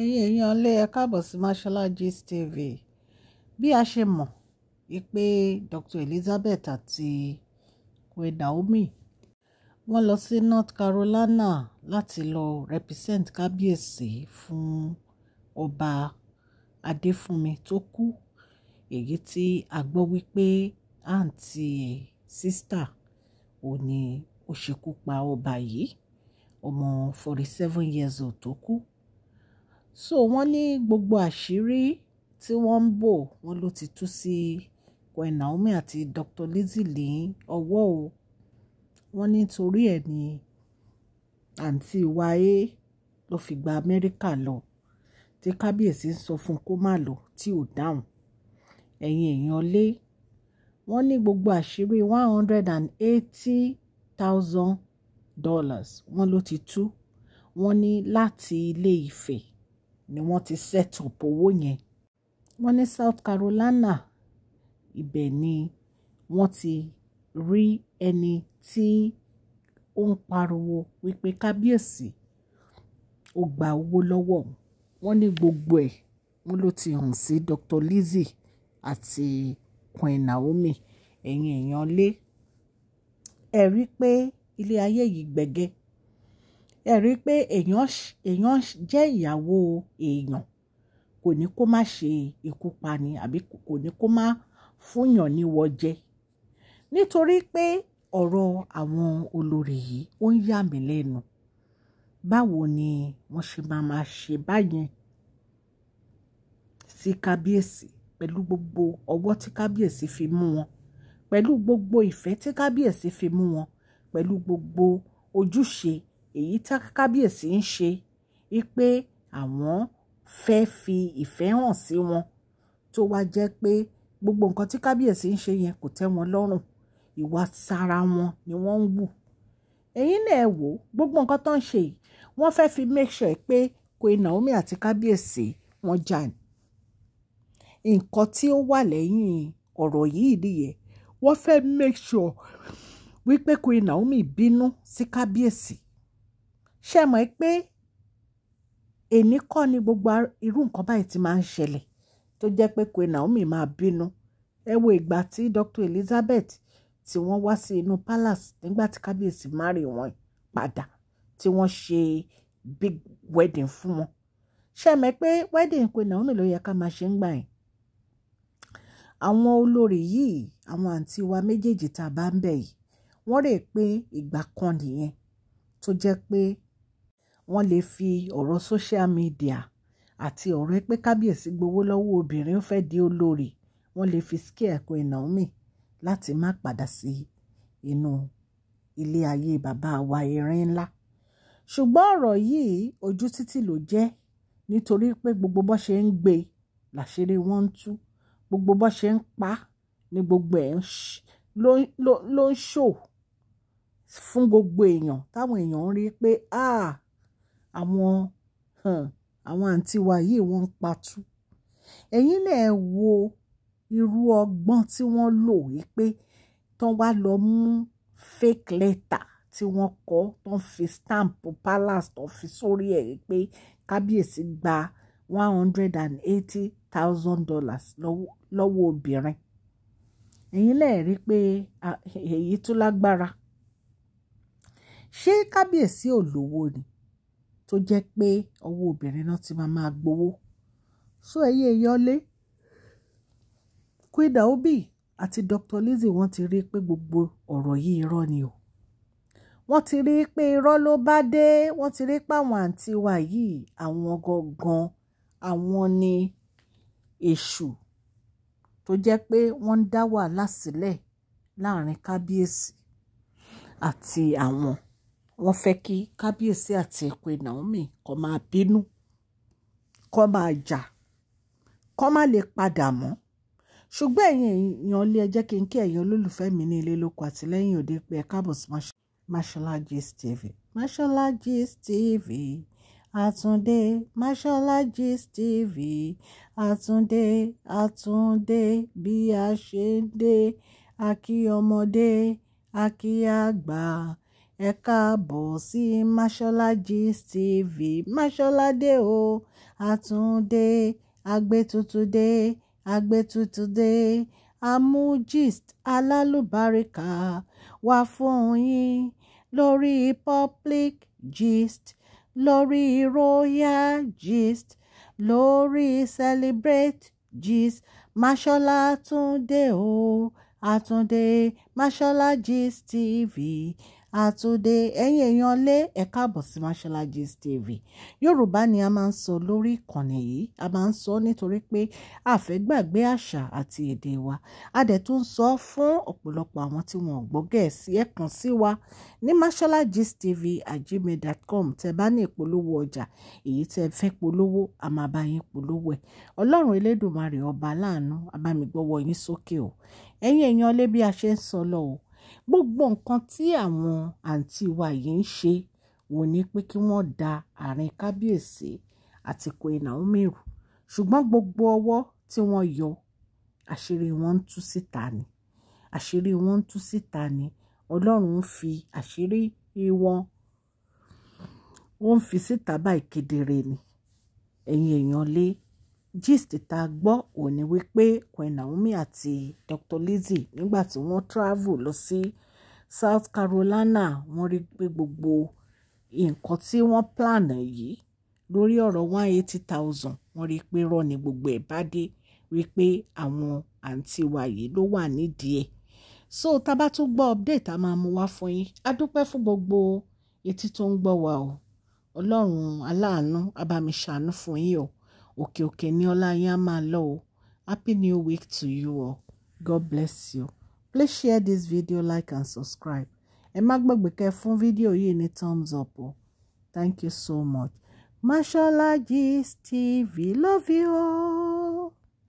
ẹ̀yin èèyàn lé ẹ káàbọ̀ sí Mashola Gist TV bí a ṣe mọ̀ pé Dr. Elizabeth àti Queen Naomi wọ́n lọ sí North Carolina láti lọ represent kábíyèsí fún ọba Adéfúnmi tó kú èyí tí a gbọ́ wípé àǹtí sísítà ò ní ó ṣekú pa ọba yìí ọmọ forty seven years old tó kú so wọ́n ní gbogbo àṣírí tí wọ́n ń bò wọ́n ló ti tú sí Queen Naomi àti Dr. Lizzy ní ọwọ́ o wọ́n ní torí ẹ̀ ni àǹtí wáyé ló fi gba Amẹ́ríkà lọ tí kábíyèsí ń sọ fún kó má lọ tí ò dáhùn ẹ̀yin èèyàn lé wọ́n ní gbogbo àṣírí one hundred and eighty thousand dollars wọ́n ló ti tú wọ́n ní láti ilé Ifẹ̀ ni wọ́n ti set up owó yẹn wọ́n ní South Carolina ibẹ̀ ni wọ́n ti rí ẹni tí ó ń pariwo wípé kábíyèsí ó gba owó lọ́wọ́ wọn ní gbogbo ẹ̀ wọn ló ti hàn sí Dr. Lizzie àti Queen Naomi ẹ̀yin èèyàn lé ẹ̀ rí pé ilé ayé yìí gbẹ̀gẹ́ ẹ rí i pé èèyàn èèyàn jẹ́ ìyàwó èèyàn kò ní kó má ṣe ikú pani àbí kò ní kó má fúnyàn ní wọ́jẹ́ nítorí pé ọ̀rọ̀ àwọn olórí yìí ó ń yà mí lẹ́nu báwo ni wọ́n ṣe máa máa ṣe báyẹn sí kábíyèsí pẹ̀lú gbogbo ọwọ́ tí kábíyèsí fi mú wọn pẹ̀lú gbogbo ìfẹ́ tí kábíyèsí fi mú wọn pẹ̀lú gbogbo ojúṣe èyí tá kábíyèsí ń ṣe wípé àwọn fẹ́ fi ìfẹ́ hàn sí wọn tó wá jẹ́ pé gbogbo nǹkan tí kábíyèsí ń ṣe yẹn kò tẹ́ wọn lọ́rùn ìwà sára wọn ni wọ́n ń wù èyí náà wò gbogbo nǹkan tó ń ṣe yìí wọ́n fẹ́ fi make sure pé Queen Naomi àti kábíyèsí wọn jà ní nǹkan tí ó wà lẹ́yìn ọ̀rọ̀ yìí nìyẹn wọ́n fẹ́ make sure wípé Queen Naomi bínú sí kábíyèsí ṣe mọ̀ pé èní kọ́ ni gbogbo irú nǹkan báyìí ti máa ń ṣẹlẹ̀ tó jẹ́ pé Queen Naomi máa bínú ẹ wo ìgbà tí Dr Elizabeth tí wọ́n wá sí inú palace nígbà tí kábíyèsí márì wọn padà tí wọ́n ṣe big wedding fún wọn ṣe mọ̀ pé wedding Queen Naomi ló yẹ ká máa ṣe ń gbà yẹn àwọn olórí yìí àwọn àǹtí wa méjèèjì tá a bá ń bẹ̀ yìí wọ́n rè pé ìgbà kan nìyẹn tó jẹ́ pé wọ́n lè fi ọ̀rọ̀ social media àti ọ̀rọ̀ pé kábíyèsí gbowó lọ́wọ́ obìnrin ó fẹ́ di olórí wọ́n lè fi scare Queen Naomi láti má padà sí inú ilé ayé bàbá wa erin ńlá ṣùgbọ́n ọ̀rọ̀ yìí ojú títì ló jẹ́ nítorí pé gbogbo bó ṣe ń gbé làṣírí wọn ń tú gbogbo bó ṣe ń pa ni gbogbo ẹ̀ ló ń ṣò fún gbogbo èèyàn táwọn èèyàn ń rí pé ah àwọn àwọn àǹtí wa yìí wọ́n ń patú ẹ̀yin lẹ̀ wo irú ọgbọ́n tí wọ́n lò wípé tán wá lọ mú fake letter tí wọ́n kọ tán fi stamp palace tán fi sórí ẹ̀ pé kábíyèsí gba one hundred and eighty thousand dollars lọ́wọ́ obìnrin ẹ̀yin lẹ̀ rí pé èyí tó lágbára ṣé kábíyèsí ò lówó ni tó jẹ́ pé ọwọ́ obìnrin náà ti máa máa gbowó so ẹyẹ yọlé Queen Obi àti Dr. Lizzie wọ́n ti rí i pé gbogbo ọ̀rọ̀ yìí irọ́ ni o wọ́n ti rí i pé irọ́ ló bá dé wọ́n ti rí i pé àwọn àǹtí wa yìí àwọn gangan àwọn ni èṣù tó jẹ́ pé wọ́n ń dá wàhálà sílẹ̀ láàrin kábíyèsí àti àwọn wọ́n fẹ́ kí kábíyèsí àti Queen Naomi kó máa bínú kó máa jà kó má lè padà mọ́ ṣùgbọ́n ẹ̀yin èèyàn ilé ẹ jẹ́ kí n kí ẹ̀yin olólùfẹ́ mi ní ilé lóko àtìlẹ́yìn òde pé ẹ káàbọ̀ sí Mashola Gist TV Mashola Gist TV àtúndé Mashola Gist TV àtúndé àtúndé bí a ṣe ń dé a kí ọmọdé a kí àgbà ẹ káàbọ̀ sí mashola gist tv masholade o àtúndé agbétútúndé agbétútúndé amú gist alálùbáríkà wá fún yín lórí public gist lórí royal gist lórí celebrate gist mashola túndé o àtúndé mashola gist tv àtúndé ẹ̀yin èèyàn lé ẹ káàbọ̀ sí Mashola Gist TV yorùbá ni a máa ń sọ lórí ìkànnì yìí a máa ń sọ nítorí pé a àṣà àti èdè wa a dẹ̀ tún ń sọ fún ọ̀pọ̀lọpọ̀ àwọn tí wọn ò gbọ́ gẹ̀ẹ́sì ẹ kàn sí wa ní Mashola Gist TV at gmail.com tẹ bá ní ìpolówó ọjà èyí tẹ fẹ́ polówó a máa bá yín polówó ẹ̀ ọlọ́run elédùnmarè ọba láàánú a yín sókè o ẹ̀yin èèyàn lé bí a ṣe ń gbogbo nǹkan tí àwọn àǹtí wa yìí ń ṣe wọ́n ní pé kí wọ́n da àárín kábíyèsí àti Queen Naomi rú ṣùgbọ́n gbogbo ọwọ́ tí wọ́n yọ àṣírí wọn ń tú síta ni àṣírí wọn ń tú síta ni ọlọ́run ń fi àṣírí wọn ó ń fi síta báyìí kedere ni ẹ̀yin èèyàn lé gist tá a gbọ́ ò wípé Queen Naomi àti Dr. Lizzie nígbà tí wọ́n travel lọ sí South Carolina wọ́n rí pé gbogbo nǹkan tí wọ́n plan yìí lórí ọ̀rọ̀ one eighty thousand wọ́n rí pé rọ́ ni gbogbo ẹ̀ bá dé wípé àwọn àǹtí wa yìí ló wà nídìí ẹ̀ so tá a bá tún gbọ́ update a máa mú wá fún yín a dúpẹ́ fún gbogbo etí tó ń gbọ́ wa o ọlọ́run aláàánú abàmì fún yín o òkè òkè ní ọlá yín á máa lọ o happy new week to you all god bless you please share this video like and subscribe ẹ má gbàgbé kẹ́ fún fídíò yìí ní thumbs up o thank you so much Mashola Gist TV love you all.